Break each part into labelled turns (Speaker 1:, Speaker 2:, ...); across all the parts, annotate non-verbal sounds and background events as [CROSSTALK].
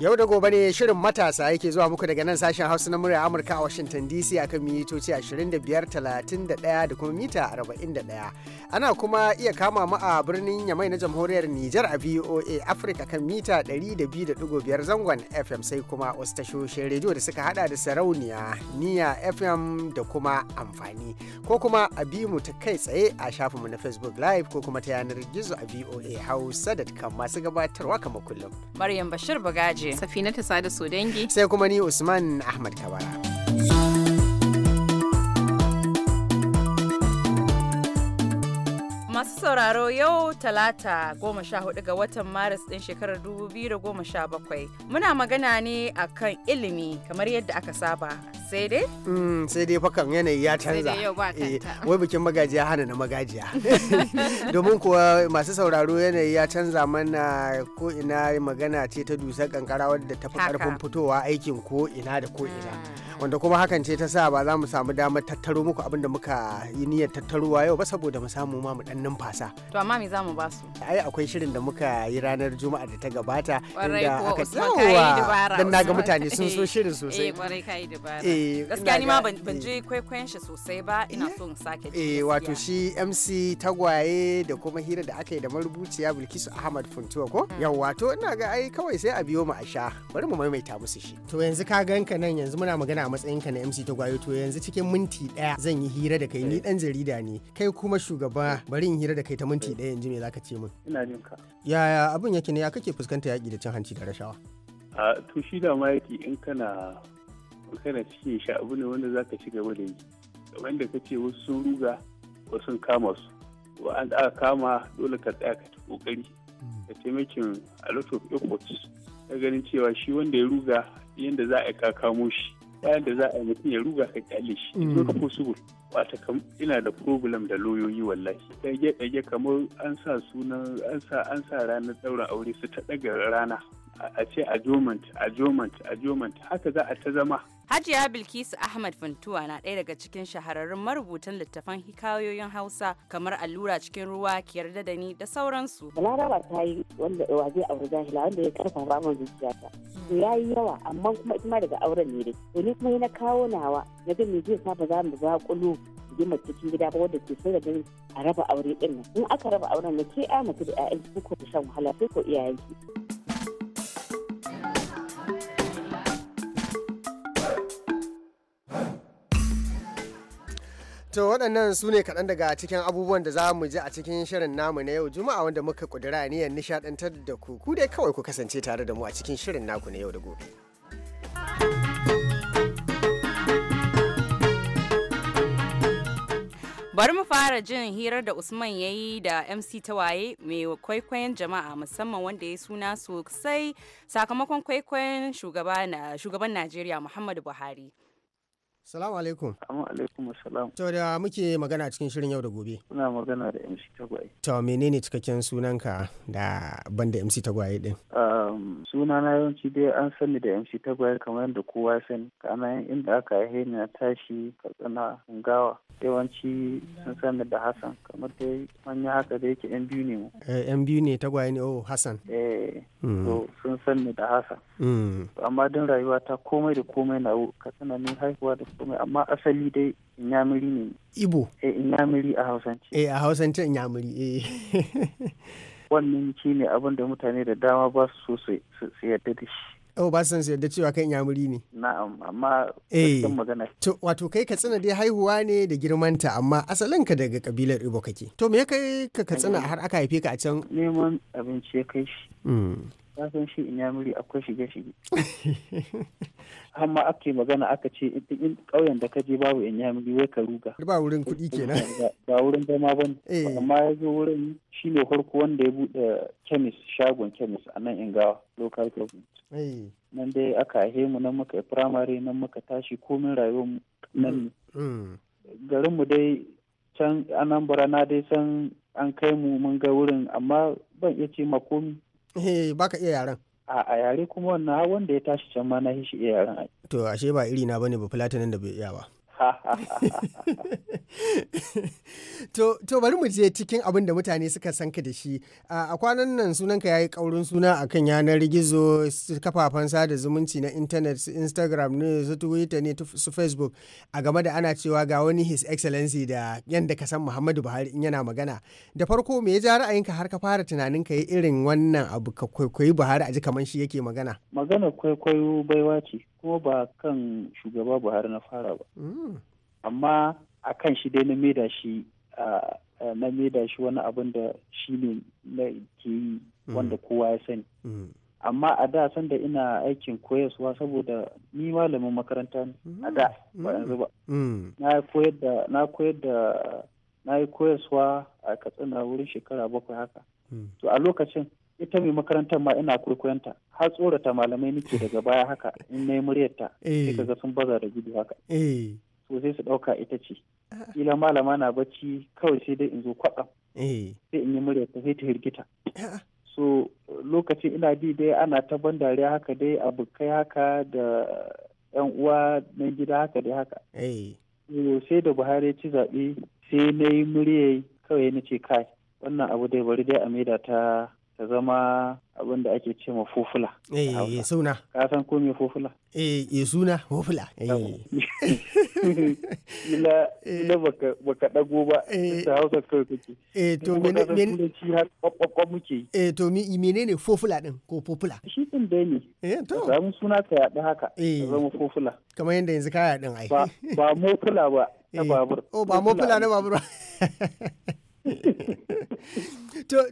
Speaker 1: Yau da gobe ne shirin matasa yake zuwa muku daga nan sashen Hausa na murya Amurka a Washington DC akan mitoci 25, 31 da kuma mita 41. Ana kuma iya kama mu a birnin Yamai na Jamhuriyar Nijar a VOA Africa kan mita 200.5 zangon FM sai kuma wasu tashoshin rediyo da suka hada da sarauniya, niya FM da kuma amfani. Ko kuma a bi mu ta kai tsaye a shafinmu na Facebook Live ko kuma ta yanar gizo a VOA Hausa.com masu gabatarwa kama kullum. Maryam Bashir Bagaji. Safinatu Sada dangi. Sai kuma ni Usman Ahmad Kabara.
Speaker 2: masu sauraro yau talata goma sha hudu ga watan maris ɗin shekarar dubu biyu da goma sha bakwai muna magana ne akan ilimi kamar yadda aka saba sai dai?
Speaker 1: Mm, sai dai fakan yanayi ya canza eh, wai bikin magajiya hana na magajiya [LAUGHS] domin kuwa masu sauraro yanayi ya canza mana ko ina magana ce ta dusar kankara wadda ta fi karfin fitowa aikin ko ina da ko ina mm. wanda kuma hakan ce ta sa ba za mu samu damar tattaro muku abin da muka yi niyyar tattaruwa yau ba saboda mu samu ma mu dan numfasa
Speaker 2: to amma me za mu ba su
Speaker 1: ai akwai shirin da muka yi ranar juma'a da ta gabata inda aka yawa dan naga mutane sun so [LAUGHS] eh, shirin sosai eh kwarai kai dabara eh gaskiya ni ma ban eh.
Speaker 2: je kwaikwayon shi sosai ba ina so in sake eh wato
Speaker 1: shi MC tagwaye da kuma hira da aka yi da marubuciya Bilkisu Ahmad Funtuwa ko mm. yau wato ina ga ai kawai sai a biyo mu a sha bari mu maimaita musu shi to yanzu ka ganka nan yanzu muna magana matsayinka na MC gwayo to yanzu cikin minti daya zan yi hira da kai ni dan jarida ne kai kuma shugaba bari in hira da kai ta minti ɗaya yanzu me zaka ce min ina jin ka yaya abin yake ne ya kake fuskanta yaki da cin hanci da rashawa
Speaker 3: a to shi da ma yake in kana kana cikin shi abu ne wanda zaka ci gaba da yi wanda kace wasu sun ruga wasu sun kama su an aka kama dole ka tsaya ka kokari da hmm. taimakin a lot of efforts na ganin cewa shi wanda ya ruga yadda za a ka kamo shi bayan da za a yi mutum ya ruga ka kyale shi in ka mm. possible wata kam ina da problem da loyoyi wallahi dage dage kamar an sa sunan an sa an sa ranar ɗaurin aure su ta ɗaga rana a ce a jomant a jomant a jomant haka za a ta zama
Speaker 2: Hajiya Bilkisu Ahmad Funtuwa na ɗaya daga cikin shahararrun marubutan littafan hikayoyin Hausa kamar allura cikin ruwa ki yarda da ni da sauransu. Balaraba
Speaker 4: ta yi wanda waje aure jahila wanda ya karfafa min zuciyata. To ya yi yawa amma kuma ita ma daga auren ne dai. To ni kuma na kawo nawa na ga me zai saba ba za mu zaƙulu mace cikin gida ba wanda ke so da ganin a raba aure ɗin nan. In aka raba auren na ke a mace da 'ya'yanki ko ku shan wahala sai ko iyayenki.
Speaker 1: To waɗannan su ne kaɗan daga cikin abubuwan da za mu ji a cikin shirin namu na yau Juma'a wanda muka ƙudura niyyar nishaɗantar da ku ku dai kawai ku kasance tare da mu a cikin shirin naku na yau da gobe.
Speaker 2: Bari mu fara jin hirar da Usman ya yi da MC waye mai kwaikwayon jama'a musamman wanda ya suna sosai sakamakon kwaikwayon shugaban Najeriya Muhammadu Buhari.
Speaker 1: Salamu alaikum. Salamu alaikum salam. To da muke magana cikin shirin yau da gobe.
Speaker 2: Muna magana da
Speaker 3: MC Tagwaye.
Speaker 1: To menene cikakken sunanka da banda MC Tagwaye din?
Speaker 3: Uh, suna na yawanci dai an sani da MC Tagwaye kamar yadda kowa ya sani. yin inda aka yi ni na tashi Katsina gawa. Yawanci sun sani da Hassan kamar dai manya haka da yake 'yan biyu ne mu.
Speaker 1: 'Yan eh, biyu ne Tagwaye ne oh Hassan. Eh. Hmm.
Speaker 3: sun sani da Hassan. Hmm. Amma don rayuwa ta komai da komai na Katsina ne haihuwa da komai amma asali dai Inyamiri ne.
Speaker 1: Ibo. Eh Inyamiri a Hausance. Eh a Hausance Inyamiri eh. [LAUGHS]
Speaker 3: wannan shi ne da mutane da dama ba su so su yadda da shi
Speaker 1: Oh, ba san yadda cewa kan yamuri ne. Na'am, amma eh magana. To wato kai Katsina dai haihuwa ne da girmanta amma asalin ka daga kabilar Ibo kake. To me ya kai ka Katsina har aka haife ka a can? Neman abinci ya kai shi. Hmm. ka san shi in muri akwai shige shige
Speaker 3: [LAUGHS] amma ake magana aka ce in ƙauyen da ka je babu in muri wai ka ruga ba
Speaker 1: wurin kuɗi kenan
Speaker 3: [LAUGHS] ba wurin zama ba ne eh. amma ya zo wurin shi ne farko wanda ya buɗe kemis shagon kemis a nan ingawa local government eh. nan dai aka ahe mu nan muka firamare nan muka tashi komin rayuwar nan ne mm. mu dai can anambra na dai san an kai mu mun ga wurin amma ban iya ce ma
Speaker 1: eh baka iya yaren
Speaker 3: a a yare kuma wannan wanda ya tashi can ma na shi iya
Speaker 1: yaren to ashe ba iri na bane ba platinum da bai iya ba to, bari mu je cikin abin da mutane suka san ka da shi a kwanan nan sunanka ya yi kaurin suna a kan yanar gizo kafafen sada zumunci na intanet su instagram ne su twitter ne su facebook a game da ana cewa ga wani his excellency da yadda ka san muhammadu buhari in yana magana da farko me ya ja ra'ayinka har ka fara tunanin ka yi irin wannan abu ka kwaikwayi buhari a ji kamar shi yake magana
Speaker 3: magana kwaikwayo baiwa ce kuma ba kan shugaba buhari na fara ba hmm. amma a kan shi dai na maida shi na maida shi wani abin da shi ne na ke yi hmm. wanda kowa ya sani hmm. amma a da san da ina aikin koyaswa saboda ni malamin makaranta ne a da ba yanzu ba na na yi koyaswa a katsina wurin shekara bakwai haka to a lokacin ita mai makarantar ma ina ta har tsorata malamai nake daga baya haka in na yi muryarta sai eh. ga sun baza da gudu haka so eh. sai su ɗauka ita ce ah. kila malama na bacci kawai sai dai in zo kwaɗam eh. sai in yi muryarta sai ta hirgita ah. so lokacin ina bi dai ana ta ban dariya haka dai abokai haka da yan uwa na gida haka dai haka sai da buhari ci zaɓe sai na yi muryar kawai na ce kai wannan abu dai bari dai a maida ta ta zama abin da ake ce ma fufula.
Speaker 1: Eh, suna.
Speaker 3: Ka san ko me fufula?
Speaker 1: Eh, eh suna fufula. Eh. [LAUGHS]
Speaker 3: Ila ila baka baka dago ba. Eh. Ta Hausa kawai kake. Eh, to men ne ci har kwakwakwa muke.
Speaker 1: Eh, to mi menene fufula din ko fufula? Shi din dai ne. Eh, to. Ka suna ka yaɗa haka. Ta zama fufula. Kamar yadda yanzu ka yaɗin ai. Ba ba ba. Na babur. Oh, ba mofula na babur. [LAUGHS]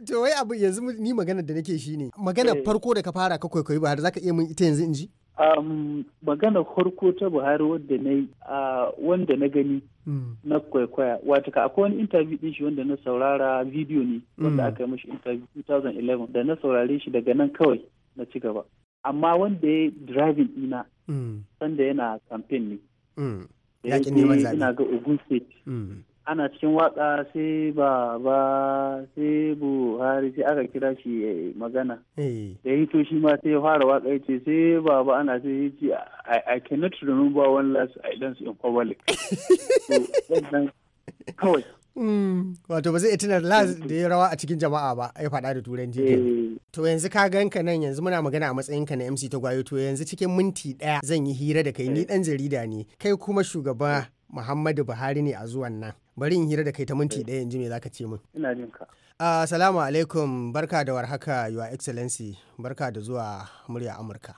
Speaker 1: to wai abu yanzu ni magana da nake shi ne magana eh. farko da ka fara ka kwaikwayi Buhari zaka iya mun ita yanzu in ji um,
Speaker 3: magana farko ta Buhari wanda na uh, wanda na gani mm. na kwaikwaya wato ka akwai wani interview din shi wanda na saurara video ne hmm. wanda aka yi mashi interview 2011 da na saurare shi daga nan kawai na ci gaba amma wanda ya driving ina hmm. sanda yana campaign ne hmm.
Speaker 5: yakin neman zaɓe ina ga
Speaker 3: Ogun State mm. ana cikin waka sai baba sai buhari sai aka kira shi magana eh. da hito shi ma sai fara waka ya ce sai baba ana sai ya ce i cannot remember one last see in public [LAUGHS]
Speaker 1: kawai hmm. wato ba zai iya tunar las da ya rawa a cikin jama'a ba ya faɗa da turanci eh. to yanzu ka ganka nan yanzu muna magana a matsayin ka na MC ta gwayo to yanzu cikin minti ɗaya zan yi hira da kai ni eh. ɗan jarida ne kai kuma shugaba Muhammadu Buhari ne a zuwan nan bari in hira da kai ta minti eh. ɗaya in ji me zaka ce min ina jin ka assalamu ah, alaikum barka da warhaka your excellency barka da zuwa murya amurka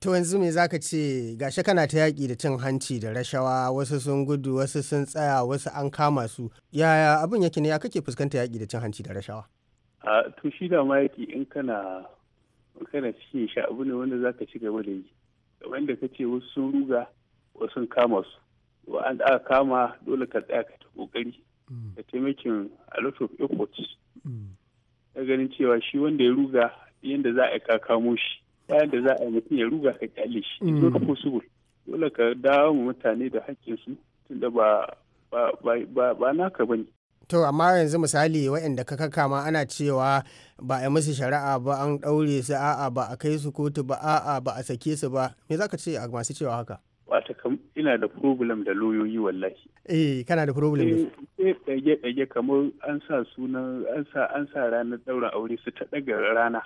Speaker 1: To yanzu me zaka ce gashi kana ta yaƙi da cin hanci da rashawa wasu sun gudu wasu sun tsaya wasu an kama su yaya abin yake ne ya kake fuskanta yaƙi da cin hanci da rashawa?
Speaker 3: A to shi da ma yaƙi in kana kana cikin shi abu ne wanda zaka ci gaba da yi wanda kace wasu sun ruga wasu sun kama su wa'anda aka kama dole ka tsaya ka ta kokari da mm. taimakin a lot of efforts mm. na ganin cewa shi wanda ya ruga yadda za a yi kakamo shi bayan da za a yi mutum ya ruga ka kyale shi it's not mm. possible dole ka dawo mutane da hakkinsu tunda ba ba naka bane
Speaker 1: To amma yanzu misali waɗanda ka ma ana cewa ba a musu shari'a ba an ɗaure su a'a ba a kai su kotu ba a'a ba a sake su ba me za ce a masu cewa haka?
Speaker 3: wata kam ina da problem da lauyoyi wallahi
Speaker 1: eh kana da problem eh,
Speaker 3: eh ɗage ɗage kamar an sa sunan an sa an sa ranar ɗaurin aure su ta ɗaga rana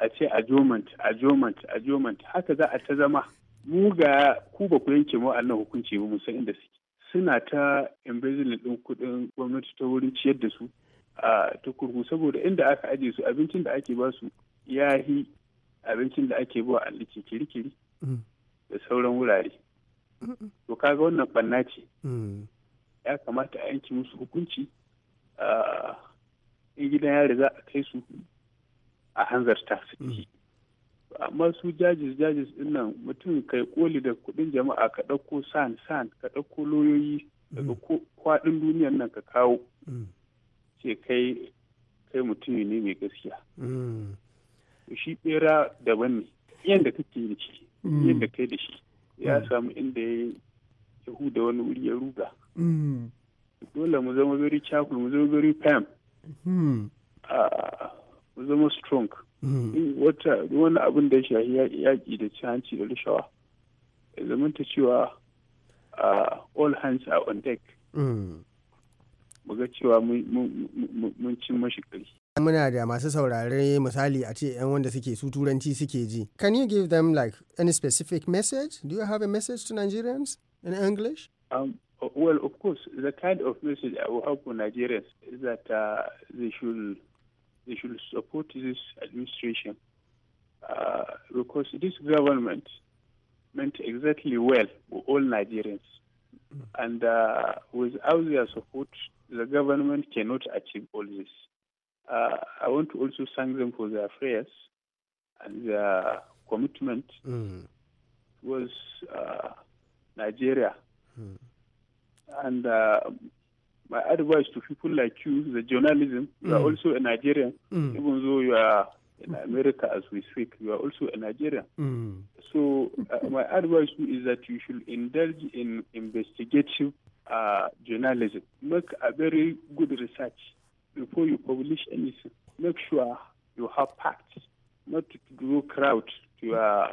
Speaker 3: a ce a jomant a jomant a haka za a ta zama mu ga ku ba ku yanke mu Allah hukunci ba mu san inda suke suna ta embezzling din kuɗin gwamnati ta wurin ciyar da su a tukurku saboda inda aka aje su abincin da ake ba su ya abincin da ake ba a kiri-kiri mm. da sauran wurare to ga wannan banna ce mm. ya kamata a yanki musu hukunci in gidan yari za a kai su a hanzarta su mm. amma su jajis jajis din nan mutum kai koli da kudin jama'a ka ɗauko san san ka ɗauko loyoyi daga mm. kwaɗin duniyan nan ka kawo ce kai kai mutumi ne mai gaskiya shi bera daban ne yadda kake da shi kai da shi ya mm. samu inda ya yahu da wani wuri ya ruga mm. dole mu zama very chakul, mu zama very pam. Mm. Ah, mu zama strong wata wani abin da ya shahi yaƙi da ci hanci da rashawa ya zamanta cewa ah, all hands are on deck
Speaker 1: mu
Speaker 3: ga cewa mun cin mashi ƙari
Speaker 1: muna da masu saurare misali a wanda suke su turanci suke ji can you give them like any specific message do you have a message to nigerians in english um, well of course the kind of
Speaker 3: message i will have for nigerians is that uh, they should they should support this administration uh, because this government meant exactly well for all nigerians mm. and uh, without their support the government cannot achieve all this uh, I want to also thank them for their prayers and their commitment mm. towards uh, Nigeria. Mm. And uh, my advice to people like you, the journalism, mm. you are hmm. also a Nigerian, hmm. even though you are in America as we speak, you are also a Nigerian. Hmm. So uh, my advice to you is that you should indulge in investigative uh, journalism. Make a very good research before you publish anything, make sure you have facts, not to draw crowd to your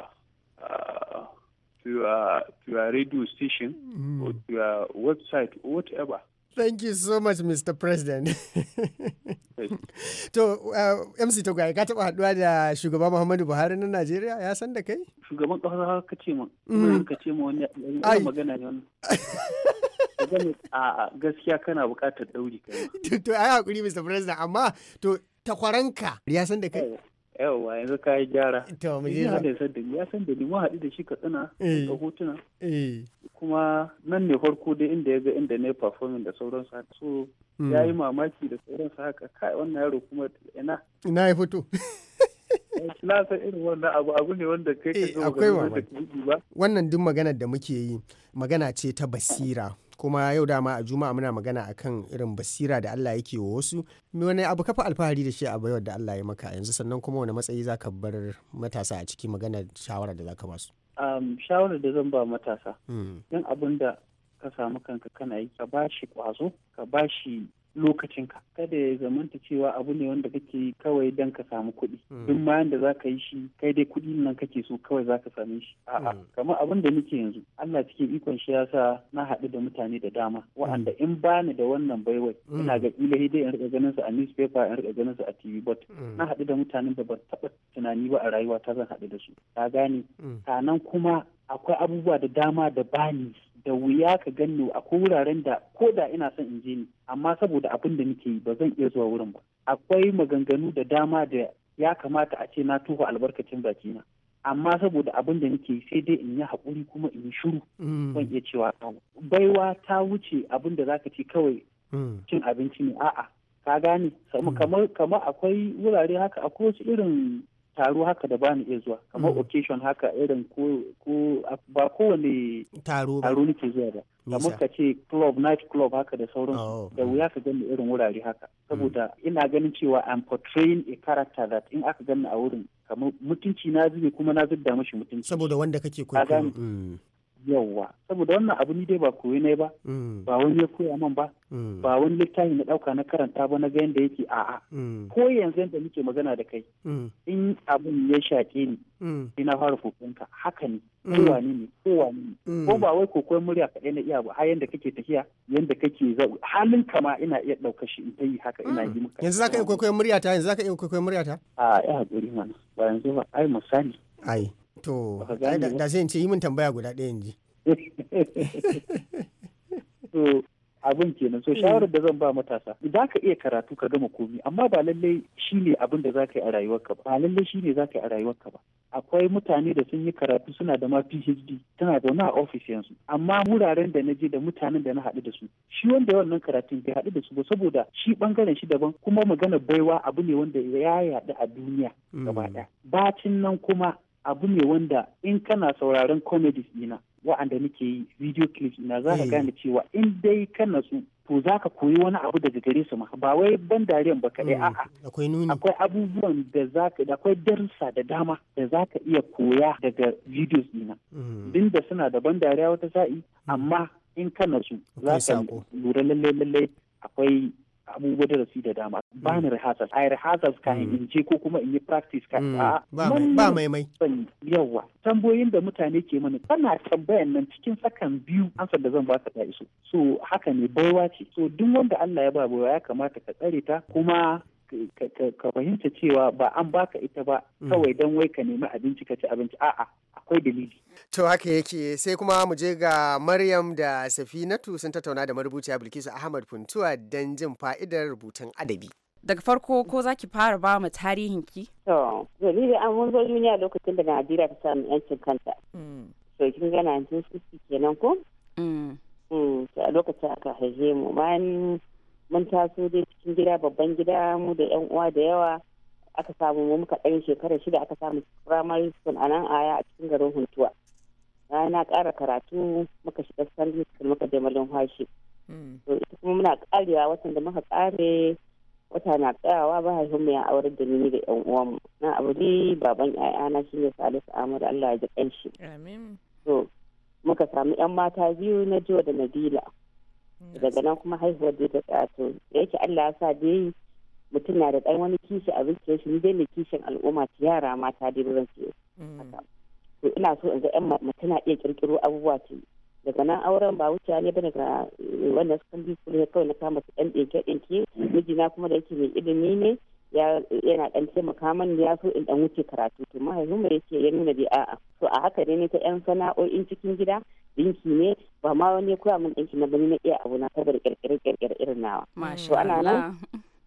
Speaker 3: uh, to your to your radio station mm. or to your website or whatever.
Speaker 1: Thank you so much, Mr. President. [LAUGHS] To, uh, MC Togai, ka taɓa haɗuwa da shugaban Muhammadu Buhari na Najeriya ya san da kai? Shugaban ƙasa ka ce ma, mm. ka
Speaker 3: ce ma wani magana ne wannan. [LAUGHS] gaskiya kana buƙatar dauri kai
Speaker 1: to ai hakuri Mr President amma to takwaranka ya san da kai
Speaker 3: yawwa yanzu ka yi gyara
Speaker 1: to mu je da san
Speaker 3: da ya san da ni mu haɗu da shi ka tsina da eh. hotuna eh. kuma nan ne farko dai inda ya ga inda ne performing da sauransu so hmm. ya yi mamaki da sauransu haka kai wannan yaro kuma ina ina ya fito [LAUGHS] na san irin wannan abu abu ne wanda kai ka eh, zo ba
Speaker 1: wannan duk maganar da muke yi magana ce ta basira kuma yau dama a juma'a muna magana akan irin basira da Allah yake wa wasu wani abu kafa alfahari da shi a bayar da Allah ya maka yanzu sannan kuma wani matsayi za ka bar matasa a ciki magana shawara da za ka ba su.
Speaker 3: Um, shawarar da zan ba matasa yin hmm. abin da ka samu kanka kana yi ka bashi kwazo ka bashi lokacin ka. kada ya zamanta cewa abu ne wanda kake yi kawai don ka samu kuɗi hmm. duk ma da za ka yi shi kai dai kuɗi nan kake so kawai za ka same shi a'a hmm. kamar abin da nake yanzu Allah cikin ikon shi yasa na haɗu da mutane da dama hmm. wa'anda in bani da wannan baiwai ina ga kila dai in rika ganin su a newspaper in rika ganin su a TV but na haɗu da mutanen da ban taɓa tunani ba a rayuwa ta zan haɗu da su ka gane sanan kuma akwai abubuwa da dama da bani da wuya ka ganni akwai wuraren da ko da ina son in je ni amma saboda abin da nake yi ba zan iya zuwa wurin ba akwai maganganu da dama da ya kamata a ce na tuhu albarkacin bakina amma saboda abin da nake yi sai dai in yi hakuri kuma in yi shiru mm. ban iya cewa baiwa ta wuce abin da zaka ci kawai mm. cin abinci ne a'a ka gane kamar akwai wurare haka akwai wasu irin taro haka da bani iya zuwa kamar mm. occasion haka irin ko ko ba kowane taro nake zuwa ba kamar ka ce club night club haka da sauran oh, da mm. wuya ka gani irin wurare haka mm. saboda ina ganin cewa I'm portraying a character that in aka gani a wurin kamar mutunci na zube kuma na zubda mashi mutunci saboda wanda kake kwaikwayo yauwa saboda wannan abu ni dai ba koyi ne ba
Speaker 5: mm. ba wani
Speaker 3: ya koya man ba mm. ba wani littafi na dauka na karanta ba na ga yanda yake a'a mm. ko yanzu da muke magana da kai in abun ya shaƙe ni ina fara kokonka haka ne kowa ne kowa ne ko ba wai kokon murya kaɗai na iya ba har yanda kake tafiya yanda kake zau halin kama ina iya daukar shi in ta yi haka ina yi maka yanzu zaka iya
Speaker 1: kokoyin murya ta yanzu zaka iya kokoyin murya ta
Speaker 3: a ya hakuri mana ba yanzu ba ai musani.
Speaker 1: ai To, da zai ce yi min tambaya guda ɗaya yanzu. [LAUGHS]
Speaker 3: To, abin kenan so shawarar da zan ba matasa za ka iya karatu ka gama komi amma ba lallai shi ne abin da za ka yi a rayuwarka ba ba lallai shi ne za ka yi a rayuwarka ba akwai mutane da sun yi karatu suna da ma PhD tana zaune a ofis yanzu amma wuraren da na je da mutanen da na haɗu da su shi wanda wannan karatun bai haɗu da su ba saboda shi ɓangaren shi daban kuma magana baiwa abu ne wanda ya yaɗu a duniya mm. gaba ɗaya bacin nan kuma abu ne wanda in kana sauraron comedies dina wa'anda nake yi video clips ina za ka mm. gane cewa in dai kana su to za ka koyi wani abu daga gare su ma ba wai ban dariyan ba kaɗai mm. a'a akwai nuni akwai abubuwan da za ka da akwai darussa da dama da za ka iya koya daga videos dina mm. din da suna da ban dariya wata sa'i amma in kana su za ka lura lallai lallai akwai abubuwa darasi da dama ba ni mm. rehearsal ai rehearsal ka mm. in je ko kuma in yi practice ka mm. ba mai mai yawa tambayoyin da mutane ke mani kana tambayan nan cikin sakan biyu amsar da zan baka ta iso so haka ne baiwa ce so duk wanda Allah ya ba baiwa ya kamata ka tsare ta kuma ka fahimta cewa ba an baka ita ba mm. kawai don wai ka nemi abinci ka ci abinci a'a akwai dalili
Speaker 1: to haka yake sai kuma mu je ga maryam da safinatu sun tattauna da marubuciya bilkisu ahmad funtuwa don jin fa'idar rubutun adabi daga farko ko za ki fara ba mu tarihin ki to dalili an mun zo duniya lokacin da najeriya ta samu yancin kanta to mm. kin
Speaker 4: ga 1960 kenan ko mm. a lokacin aka haife mu bayan mun taso dai cikin gida babban gida mu da yan uwa da yawa aka samu mu muka ɗan shekara shida aka samu primary school a nan aya a cikin garin huntuwa na ƙara karatu muka shiga secondary school muka je malin hashi hmm. to ita kuma muna ƙarewa watan da muka ƙare wata na tsayawa ba haifin mu ya aure da ni da yan uwan mu na aure baban ƴaƴana shine Salisu Ahmad Allah ya ji ƙanshi amin to muka samu yan mata biyu na Jiwa da Nabila Mm. daga nan kuma haihuwar da ta tsato da yake Allah ya sa dai mutum na da ɗan wani kishi a zuciyar shi dai mai kishin al'umma ci yara mata dai ruwan su mm. to ina so in ga yan mutum na iya kirkiro abubuwa ce daga nan auren ba wuce ne ba daga eh, wannan sukan bi kawai na kama su ɗan ɗinke ɗinke mijina kuma da yake mai ilimi ne yana dan taimaka min ya so in dan wuce karatu to mahaifin mu yake ya nuna bi a'a to a haka ne ta yan sana'o'in cikin gida dinki ne ba ma wani ya koya min dinki na bani na iya abu na saboda kirkire kirkire irin nawa
Speaker 2: to ana nan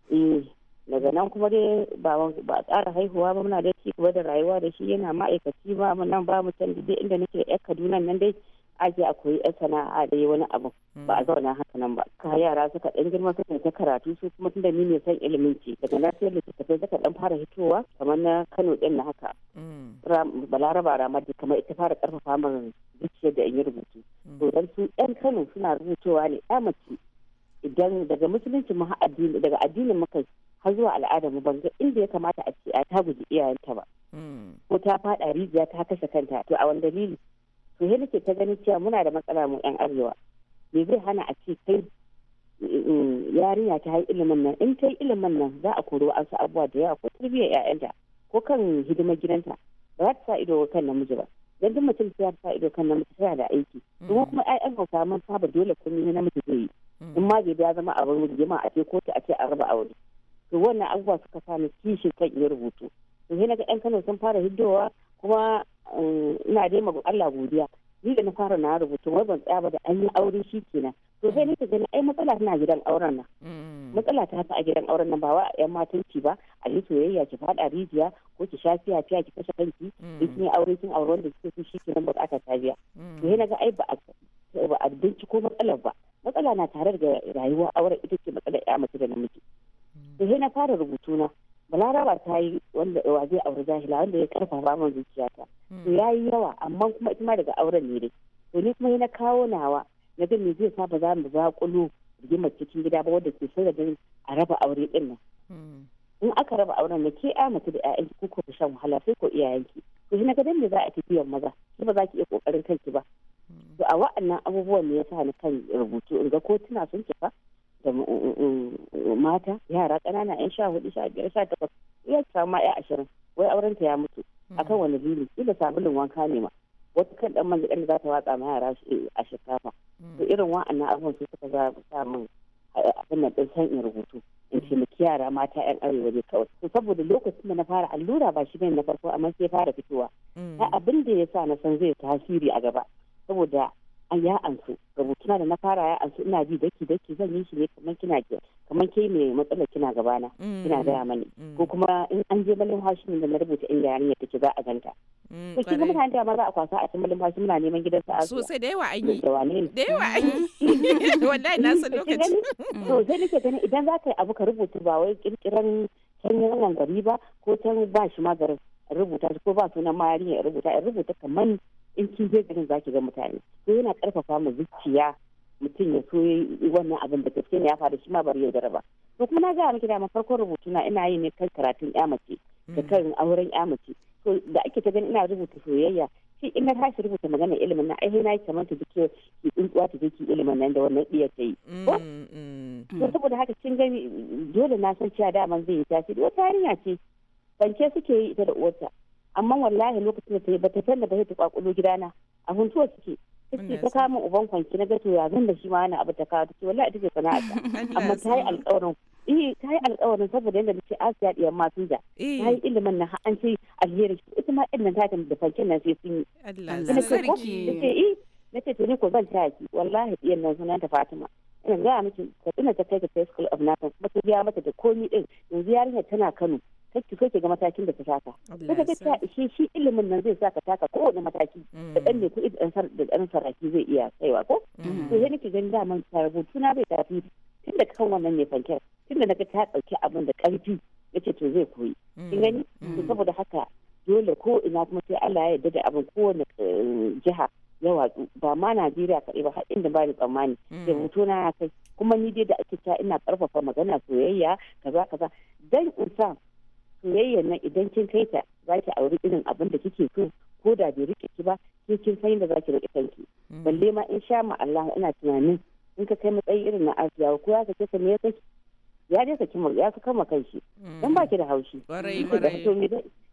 Speaker 2: eh,
Speaker 4: daga nan kuma dai ba ba tsara haihuwa ba muna da ci gaba da rayuwa da shi yana ma'aikaci ba mu nan ba mu can dai inda nake yar Kaduna nan dai aje a koyi yan sana'a da wani abu ba a hmm. zauna haka nan ba ka yara suka dan girma suka ta karatu su kuma tunda ni ne san ilimin ci. daga na sai littattafai suka dan fara hitowa kamar na Kano din na haka
Speaker 5: hmm.
Speaker 4: balaraba ramadi kamar ita fara karfafa min zuciyar da in yi rubutu to hmm. dan su yan Kano suna rubutowa ne ya mace idan daga musulunci mu addini daga addinin muka har zuwa al'adar mu banga inda ya kamata a ce ta guji iyayenta ba ko ta fada rijiya ta kashe kanta to a wanda dalili to he ke ta gani cewa muna da matsala mu yan arewa me zai hana a ce kai mm, yarinya ta yi ilimin nan in ta yi ilimin nan za a koro an sa abubuwa da yawa ko tarbiyyar 'ya'yanta ko kan hidimar gidanta ba za ta sa ido kan namiji ba dan duk mutum ta sa ido kan namiji tana da aiki kuma kuma ƴaƴan hausa mun saba dole komai na namiji zai yi mm. in ma bai ya zama abin rigima a ce kotu a ce a raba aure to wannan abubuwa suka sa ni kishin kan iya rubutu to sai naga ƴan Kano sun fara hiddowa kuma Um, ina dai magun Allah godiya ni da na fara na rubutu wai ban tsaya ba da an yi aure shi kenan to sai nake gani ai matsala tana gidan auren nan mm. matsala ta haka a gidan auren nan ba wa yan matanki ba a yi soyayya ki fada rijiya ko ki sha fiya fiya ki kashe kanki duk mm. ne aure kin aure wanda kike so shi kenan bukata ta biya mm. to sai naga ai ba ba a ko matsalar ba matsala na tare da rayuwa auren ita ce matsalar ya mace da namiji to sai na fara rubutu na balaraba ta yi wanda wa zai auri jahila wanda ya karfafa min zuciyata hmm. to ya yi yawa amma kuma ita ma daga auren ne dai to ni kuma na kawo nawa na ga me zai sa ba za mu zaƙulo rigimar cikin gida ba wanda ke so da dan a raba aure din nan hmm. in aka raba auren ne ke mutu da ƴaƴanki ko ku shan wahala sai ko iyayenki to shi na ga dan me za a tafi yan maza ki ba za ki iya kokarin kanki ba hmm. to a wa'annan abubuwan ne ya sa ni kan rubutu in ga ko tuna sun fa da mata yara ƙanana yan sha hudu sha biyar sha takwas iya samu ma ashirin wai aurenta ya mutu hmm. a kan wani lili ila sabulun wanka ne ma wata kan dan manja ɗan za ta watsa ma yara eh, a shinkafa hmm. to irin wa'annan abubuwan su suka za sa min abin nan ɗin san in rubutu in ce hmm. miki yara mata yan arewa ne kawai to saboda lokacin da na fara allura ba shi ne na farko amma sai fara fitowa na abin da ya sa na san zai tasiri a gaba saboda an ya ansu rubutuna da na fara ya ansu ina bi daki daki zan yi shi ne kamar kina jiya kamar ke mai matsalar kina gabana mm, mm, kina gaya mani mm. ko kuma in an je malin hashin da na rubuta inda yarinya take za a ganta to kin ga mutane da ma za a kwasa a cikin malin hashin muna neman gidan sa sosai da yawa an yi
Speaker 2: da yawa an yi [LAUGHS] wallahi na san lokaci
Speaker 4: to sai nake ganin idan za ka yi abu ka rubuta ba wai kirkiran can wannan gari ba ko can ba shi ma garin rubuta ko ba sunan ma yarinya rubuta rubuta kamar in kin je garin zaki ga mutane to yana karfafa mu zuciya mutum ya so wannan abin da gaske ne ya faru shi ma bari yaudara ba to kuma na gaya miki dama farkon rubutu na ina yi ne kan karatun ya mace da mm. kan auren ya mace to da ake ta gani ina rubuta soyayya shi ina tashi rubuta magana ilimin na ai na yi kamar ta duke ki tsuntsuwa ta duke ilimin nan da wannan iya ta yi ko mm, mm. saboda haka kin gani dole na san cewa daman zai yi da wata yarinya ce ce suke yi ita da uwarta amma wallahi lokacin da ta yi bata san da ba ta kwakulo gidana a huntuwa suke Iske ta kama uban kwanki na gato ya zan da shi ma yana abu ta kawo take wallahi ita ce sana'a [LAUGHS] amma ta yi alƙawarin eh ta yi alƙawarin saboda yadda nake asiya ɗiyan masu da ta eh. yi ilimin na an ce alheri ita ma ɗin nan ta da fankin nan sai sun yi.
Speaker 5: Allah sarki.
Speaker 4: na ce tuni eh. ko zan ta ki wallahi ɗiyan nan sunan ta Fatima ina ga miki ta ina ta kai ta school of nursing kuma ta biya mata da komi ɗin yanzu yarinyar tana Kano sai kai ga matakin da ta taka daga ga ta ishe shi ilimin nan zai sa ka taka kowane mataki mm. da dan ne ko sar da dan saraki zai iya kaiwa ko mm. to sai nake ganin man rubutu na bai tafi tunda kan wannan ne fanke tunda naga ta dauki abin da karfi yace to zai koyi mm. kin gani saboda haka dole ko ina kuma sai Allah ya yarda da abin kowane eh, jiha ya watsu ba ma Najeriya kaɗai ba har inda ba ni tsammani rubutu na kai kuma ni dai da ake ta ina karfafa magana soyayya kaza kaza dan in soyayyar nan idan kin kai ta za ki auri irin abin da kike so ko da bai rike ki ba ke kin san yadda za ki rike kanki hmm. balle ma in sha ma Allah ina tunanin in ka kai matsayi irin na asiya ko ya kace ka me ya kace ya dai saki ya ka kama kanshi hmm. dan baki da haushi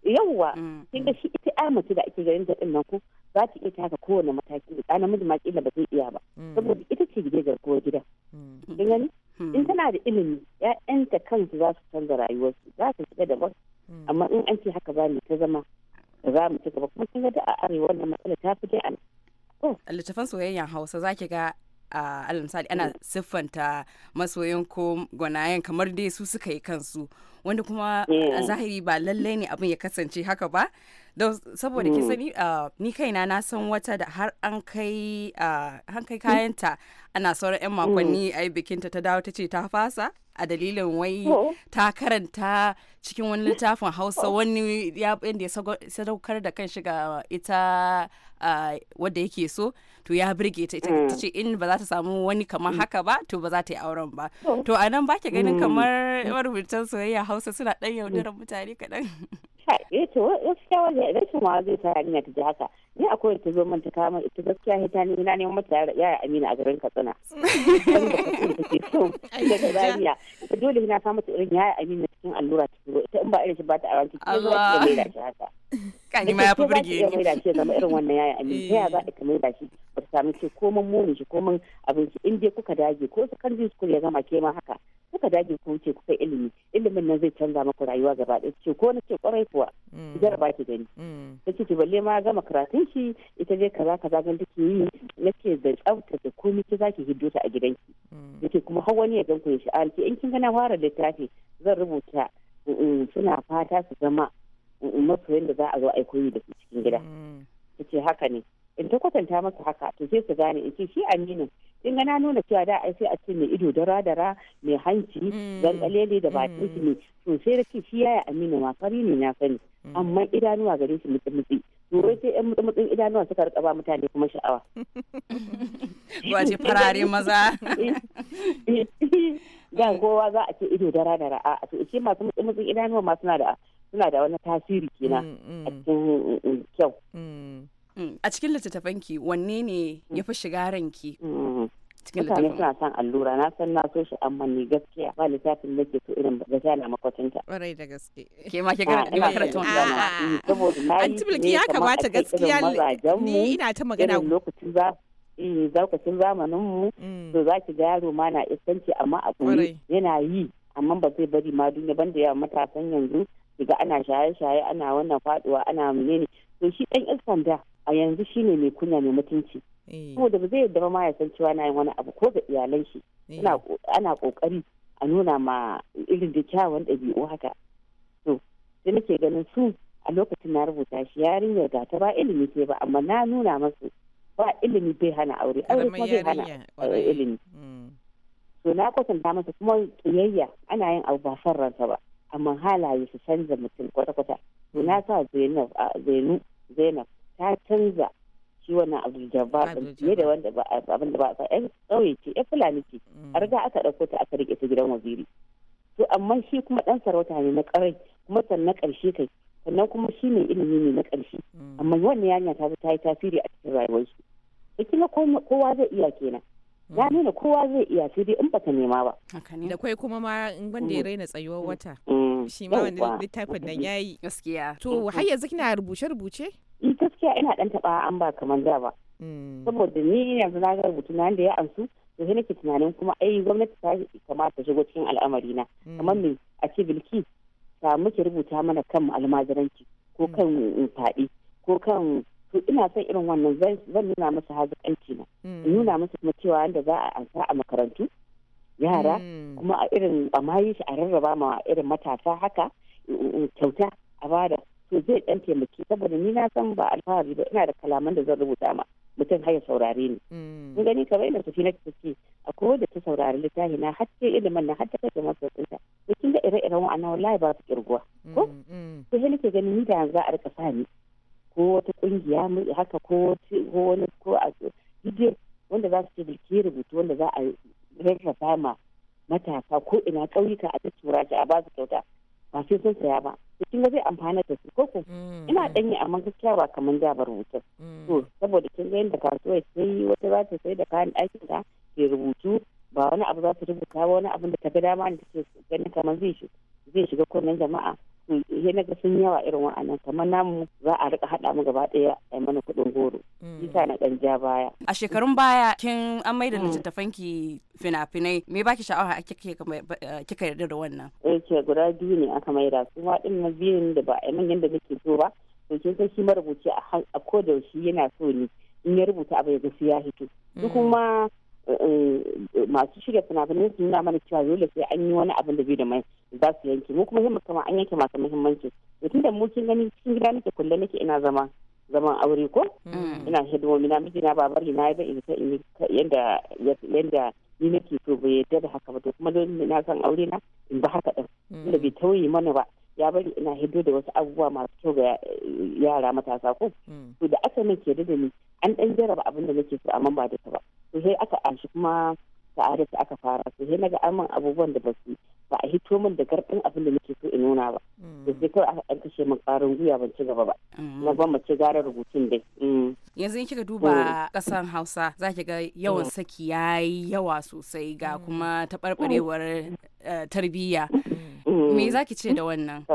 Speaker 4: yawwa hmm. kin ga shi ita ai mace da ake ganin ta din nan ko za ta iya taka kowane mataki da namiji ma kila ba zai iya ba saboda ita ce gidan garkuwar gida kin gani in hmm. tana da ilimi ya'yanta kansu za su canza rayuwarsu za su shiga da wasu
Speaker 5: hmm. amma in an
Speaker 4: ce haka ba ne ta zama za mu ci gaba kuma kin ga da a arewa wannan matsala ta fi dai
Speaker 2: a littafin soyayyen hausa za ki ga uh, alal misali ana mm. siffanta masoyan ko gwanayen kamar dai su suka yi kansu wanda kuma a mm. zahiri ba lallai ne abin ya kasance haka ba don saboda ki mm. sani ni kaina na san wata da har an kai kayanta ana sauran 'yan makonni a yi bikinta ta dawo ta ce ta fasa a dalilin wai oh. ta karanta cikin wani littafin hausa oh. wani ya sadaukar da kan shiga ita wadda yake so to ya birge ta ita mm. ta ce in ba za ta samu wani kamar mm. haka ba to ba za ta yi auren ba oh. to a nan ba ke ganin mm. kamar marubutan soyayya hausa suna ɗan yaudarar mutane kaɗan.
Speaker 4: eh to gaskiya wani rashin wa zai sa yarinya ta ji haka ni akwai ta zo man ta kama ita gaskiya hita ne na neman mata yaya Amina a garin Katsina [LAUGHS] daga Zaria ita dole na kama ta irin yaya Amina cikin allura ta turo ita in ba irin shi ba ta a ranci ce za ta iya da shi haka kan ma ya fi burge ni ce zama irin wannan yaya Amina ta ya za ta da shi ta muke komin mu shi komin abinci in dai kuka dage ko secondary school ya gama ke ma haka kuka dage ku wuce kuka ilimi ilimin nan zai canza maku rayuwa gaba ɗaya ce ko nace kwarai kuwa mm. jar ba ki gani nace mm. ki balle ma gama karatun shi ita dai kaza kaza gan take yi nace da tsafta da komai ki zaki hiddo ta a gidanki mm. nace kuma har wani ya gan ku ya sha'al in kin gana fara littafi zan rubuta suna fata su zama masoyin da za a zo a yi koyi da su cikin gida ce haka ne in ta kwatanta masa haka to sai su gane in ce shi Aminu in ga na nuna cewa da ai sai a ce mai ido da ra mai hanci zangalele mm. da ba shi mm. ne to sai da shi yaya aminu ma fari ne na sani mm. amma idanuwa gare shi mutsi to wai sai yan mutum-mutum idanuwa suka rika ba mutane kuma sha'awa
Speaker 2: wace [LAUGHS] farare maza
Speaker 4: [LAUGHS] ga kowa za a ce ido da dara a to ce masu mutum-mutum idanuwa ma suna da suna da wani tasiri kenan a cikin kyau
Speaker 2: Mm. a cikin littattafanki wanne ne ya fi shiga ranki mm. mutane suna son allura na san na so shi amma ni
Speaker 4: gaskiya ba littafin da ke so irin ba ta na makwatinta
Speaker 2: ƙwarai da gaske ke ma ke ganin ina karanta wannan ah, ah. ah. saboda na yi ne ya kamata gaskiya ni ina ta magana
Speaker 4: lokacin za zaukacin mm, zamanin mu to za ki ga yaro ma na iskanci amma a yana yi amma ba zai bari ma duniya banda yawa matasan yanzu daga ana shaye-shaye ana wannan faduwa ana menene to shi dan iskan da a yanzu shi ne mai kunya mai mutunci eh. saboda ba zai yadda ba ma ya san cewa na yin wani abu ko ga iyalan shi eh. ana kokari a nuna ma irin da kyawun ɗabi'u haka to sai nake ganin su a lokacin na rubuta shi yarinyar ga ta ba ilimi ce ba amma na nuna masu ba ilimi bai hana aure aure kuma bai hana ilimi mm. to na kwatanta masa kuma kiyayya ana yin abu ba son ransa ba amma halaye su canza mutum kwata-kwata to na sa zainab zainab ta canza shi wannan abdul jabbar fiye da wanda abin da ba a yan tsawai ce ya fulani ce mm. a riga aka ɗauko ta aka rike ta gidan waziri to amma shi kuma ɗan sarauta ne na ƙarai kuma sannan ƙarshe kai sannan kuma shi ne ilimi ne na ƙarshe mm. amma wannan yanya ta ta yi tasiri a cikin rayuwarsu ki kuma kowa zai iya kenan ya mm. nuna kowa zai iya sai dai in baka nema ba
Speaker 2: da kwai kuma ma in wanda ya mm. raina tsayuwar mm. wata shi ma wanda littafin nan yayi gaskiya to har yanzu kina rubuce rubuce
Speaker 4: eh, gaskiya ina dan taba an ba kaman da ba saboda ni yanzu na ga rubutu na da ya amsu to sai nake tunanin kuma ai gwamnati ta kamata shigo cikin al'amari na kamar me a ce bilki ta muke rubuta mana kan almajiranci ko kan fadi ko kan to ina son irin wannan zan nuna musu aiki na nuna musu kuma cewa yadda za a ansa a makarantu yara hmm. kuma a irin a mayi shi a rarraba ma irin matasa haka kyauta a bada to zai dan taimaki saboda ni na san ba alfahari ba ina da kalaman da zan rubuta ma mutum haya saurare ni
Speaker 5: in hmm. gani
Speaker 4: kamar yadda tafi na tafi a da ta saurari littafi na har ce ilimin na har ta kai masa tsinta to kin ire-iren wa'annan wallahi ba su kirguwa hmm, ko to sai nake ganin ni da yanzu za a rika sani ko wata kungiya haka ko wani ko a duk wanda za su ce bilki rubutu wanda za a rarrafa ma matasa ko ina kauyuka a tattura shi a ba su kyauta ba sai sun saya ba cikin ga zai amfana da su koko mm. ina danyi amma gaskiya ba kamar da ba rubutun mm. to saboda kin ga yadda kasuwa sai wata za ta sai da kayan ɗakin ta ke rubutu ba wani abu za ta rubuta ba wani abu da ta ga dama da take ganin kamar zai shiga kunnen jama'a sai na ga sun yawa irin wa'annan kamar namu za a rika haɗa mu gaba ɗaya a mana kuɗin goro bisa mm. na ɗan ja baya
Speaker 2: a shekarun baya kin an maida littattafan ki fina-finai me baki sha'awa eh, kika yarda da wannan eh
Speaker 4: ke guda biyu ne aka maida su ma na biyun da ba a manyan da nake so ba to kin san shi marubuci a kodayaushe yana so ne in ya rubuta abu ya ga ya hito mm. kuma masu shirya fina-finai su nuna mana cewa dole sai an yi wani abin da bai da mai za su yanke mu kuma yamma kama an yanke masu muhimmanci mutum da mu kin gani cikin gida nake kulle nake ina zama zaman aure ko mm. ina hidimomi na mijina ba bari na yi ba in ta in ni nake so bai yadda haka ba to kuma dole na san aure na in ba haka din mm. da bai tauye mana ba ya bari ina hido da wasu abubuwa masu kyau ga yara matasa ko mm. to da aka min ke da ni an dan jaraba abin da nake so amma ba da ba to sai aka amshi kuma sa'adatu aka fara to sai naga an abubuwan da ba ba a hito min da garɗin abin da nake so in nuna ba da mm. sai kawai an kashe min ƙarin gwiwa ban ci gaba ba mm. na ban mace gara rubutun dai mm.
Speaker 2: yanzu in kika duba ƙasar hausa za ki ga yawan saki ya yi yawa sosai ga kuma taɓarɓarewar eh, tarbiyya
Speaker 4: me za ki ce
Speaker 2: da wannan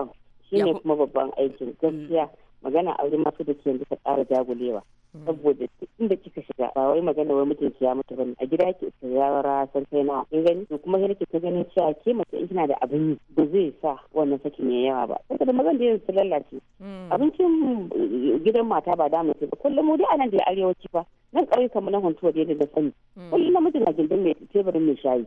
Speaker 2: shi ne kuma
Speaker 4: babban aikin gaskiya magana aure masu da ke yanzu ta ƙara jagulewa saboda inda kika shiga ba wai magana wai mijinki ya mutu bane a gida ki yawara san kai na In gani to kuma sai nake ta ganin cewa ke mace in kina da abin yi ba zai sa wannan sakin ya yawa ba saboda mazan da yanzu lalace hmm. abincin gidan mata ba da mace ba kullum mu dai anan da arewaci ba nan ƙauyukan mu na hantuwa da da sani kullum hmm. namiji na gindin mai teburin mai shayi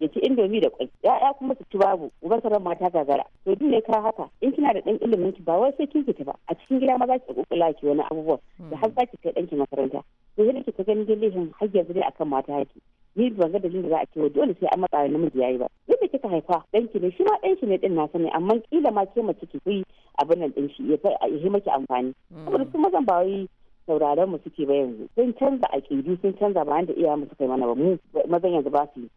Speaker 4: ya ci indomi da kwai ya'ya kuma su ci babu uban sauran mata gagara to duk ne ka haka in kina da ɗan ilimin ki ba wai sai kin fita ba a cikin gida ma za ki kokula ki wani abubuwa da har za ki kai ɗanki makaranta to yadda ki ta ganin dalilin har yanzu dai akan mata haki. ni ban ga dalilin da za a ce dole sai an matsa namiji yayi ba yadda kika haifa danki ne shi ma danki ne din na sani amma kila ma ke mace ki yi abin nan din shi ya yi maki amfani hmm. saboda su mazan ba wai sauraron mu suke ba yanzu sun canza a aƙidu sun canza ba da iya suka yi mana ba mu mazan yanzu ba su yi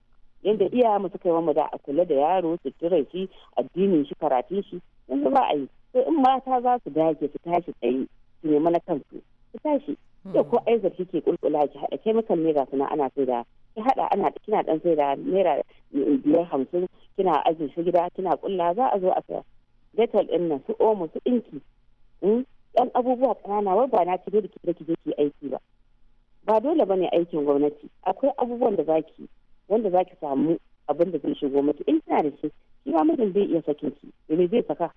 Speaker 4: yanda iyayen suka yi mu da a kula da yaro suturar shi addinin shi karatun shi yanzu ba a yi sai in mata za su dage su tashi tsaye su nemi na kansu su tashi hmm. yau ko aizar shi ke kulkula ki haɗa kemikal ne ga suna ana sai da ki haɗa ana kina ɗan sai da naira biyar hamsin kina ajin shi gida kina kulla za a zo a saya detal ɗin nan su omo su ɗinki hmm? yan abubuwa kanana wai ba na ci da ki ke ki aiki ba ba dole bane aikin gwamnati akwai abubuwan da zaki wanda zaki samu abin da zai shigo miki in kina da shi shi ma mijin zai iya sakin ki me zai saka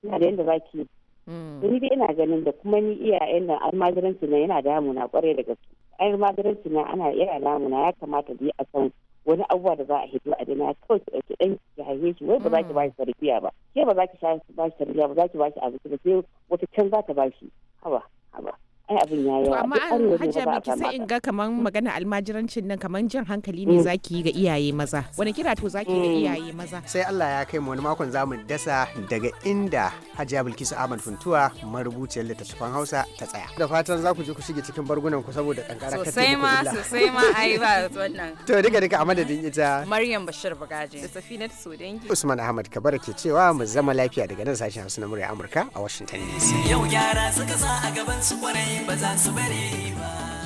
Speaker 4: kina da yanda zaki hmm. ni dai ina ganin da kuma ni iyayen nan almajiranci na yana damuna kwarai da gaske almajiranci na ana iya damuna ya kamata dai a san wani abubuwa da za a hito a dina kawai ki ɗauki ɗan ki haife shi wai ba za ki mm. ba shi tarbiyya ba ke ba za ki ba shi tarbiyya ba za ki ba shi abinci ba sai wata can za ta ba shi haba haba ai abin ya yawa amma hajja mai kisa in ga kaman mm. magana almajirancin nan kamar jan hankali ne mm. zaki
Speaker 1: yi ga iyaye maza wani
Speaker 4: kira to k'i ga mm. iyaye maza
Speaker 1: sai Allah ya kai mu wani makon za mu dasa daga inda Hajiya Bilkisu Ahmad Funtuwa marubuciyar littattafan Hausa ta tsaya da fatan za ku je ku shige cikin bargunan ku saboda kankara kace sosai ma sosai ma ai ba wannan [LAUGHS] to duka duka a madadin ita
Speaker 2: Maryam Bashir Bagaje da Safinat Sodangi Usman
Speaker 1: Ahmad Kabara ke cewa mu zama lafiya daga nan sashen Hausa na murya Amurka a Washington DC yau
Speaker 2: gyara suka sa a gaban su kwarai ba za su bari ba